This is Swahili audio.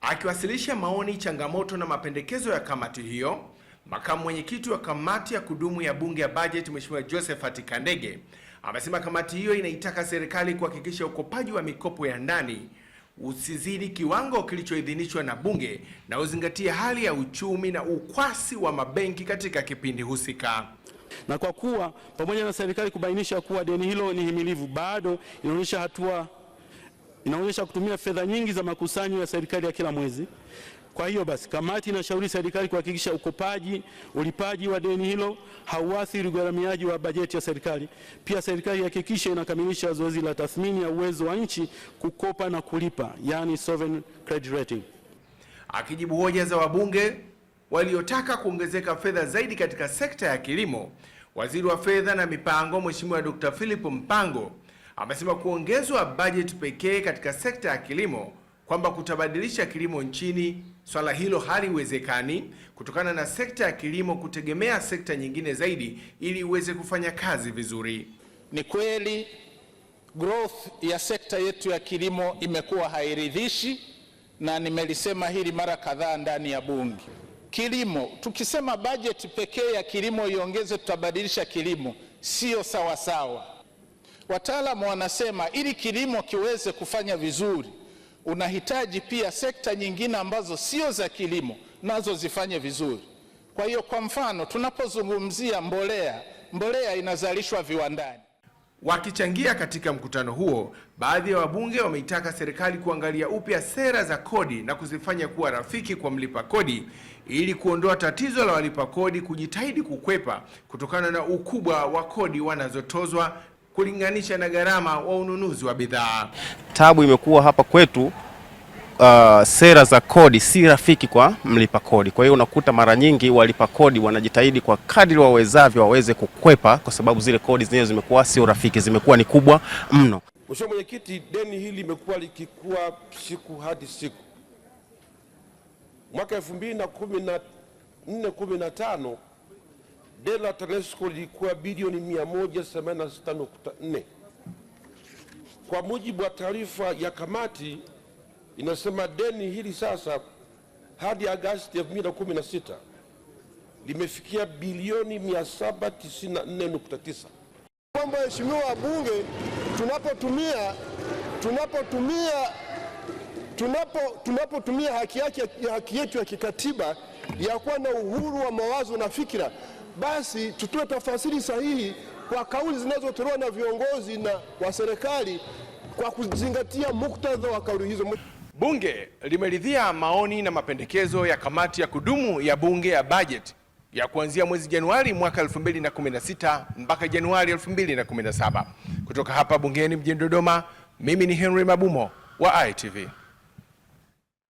Akiwasilisha maoni, changamoto na mapendekezo ya kamati hiyo, makamu mwenyekiti wa kamati ya kudumu ya bunge ya bajeti Mheshimiwa Josephat Kandege amesema kamati hiyo inaitaka serikali kuhakikisha ukopaji wa mikopo ya ndani usizidi kiwango kilichoidhinishwa na bunge na uzingatie hali ya uchumi na ukwasi wa mabenki katika kipindi husika. Na kwa kuwa pamoja na serikali kubainisha kuwa deni hilo ni himilivu, bado inaonyesha hatua inaonyesha kutumia fedha nyingi za makusanyo ya serikali ya kila mwezi. Kwa hiyo basi, kamati inashauri serikali kuhakikisha ukopaji, ulipaji wa deni hilo hauathiri ugharamiaji wa bajeti ya serikali. Pia serikali ihakikishe inakamilisha zoezi la tathmini ya uwezo wa nchi kukopa na kulipa, yani sovereign credit rating. Akijibu hoja za wabunge waliotaka kuongezeka fedha zaidi katika sekta ya kilimo, waziri wa fedha na mipango Mheshimiwa Dr. Philip Mpango amesema kuongezwa bajeti pekee katika sekta ya kilimo kwamba kutabadilisha kilimo nchini swala hilo haliwezekani kutokana na sekta ya kilimo kutegemea sekta nyingine zaidi ili iweze kufanya kazi vizuri. Ni kweli growth ya sekta yetu ya kilimo imekuwa hairidhishi, na nimelisema hili mara kadhaa ndani ya Bunge. Kilimo tukisema bajeti pekee ya kilimo iongeze, tutabadilisha kilimo, siyo sawasawa. Wataalamu wanasema ili kilimo kiweze kufanya vizuri, unahitaji pia sekta nyingine ambazo sio za kilimo nazo zifanye vizuri. Kwa hiyo, kwa mfano tunapozungumzia mbolea, mbolea inazalishwa viwandani. Wakichangia katika mkutano huo, baadhi ya wabunge wameitaka serikali kuangalia upya sera za kodi na kuzifanya kuwa rafiki kwa mlipa kodi ili kuondoa tatizo la walipa kodi kujitahidi kukwepa kutokana na ukubwa wa kodi wanazotozwa kulinganisha na gharama wa ununuzi wa bidhaa. Tabu imekuwa hapa kwetu. Uh, sera za kodi si rafiki kwa mlipa kodi. Kwa hiyo unakuta mara nyingi walipa kodi wanajitahidi kwa kadri wawezavyo waweze kukwepa, kwa sababu zile kodi zenyewe zimekuwa sio rafiki, zimekuwa ni kubwa mno. Mheshimiwa Mwenyekiti, deni hili limekuwa likikua siku hadi siku. Mwaka 2014 15 dela TANESCO lilikuwa bilioni 186.4. Kwa mujibu wa taarifa ya kamati, inasema deni hili sasa hadi Agasti 2016 limefikia bilioni 794.9. Kwamba waheshimiwa wabunge, tunapotumia tunapotumia tunapo haki yake haki yetu ya kikatiba ya kuwa na uhuru wa mawazo na fikira basi tutoe tafasiri sahihi kwa kauli zinazotolewa na viongozi na wa serikali kwa kuzingatia muktadha wa kauli hizo. Bunge limeridhia maoni na mapendekezo ya kamati ya kudumu ya bunge ya bajeti ya kuanzia mwezi Januari mwaka 2016 mpaka Januari 2017. Kutoka hapa bungeni mjini Dodoma, mimi ni Henry Mabumo wa ITV.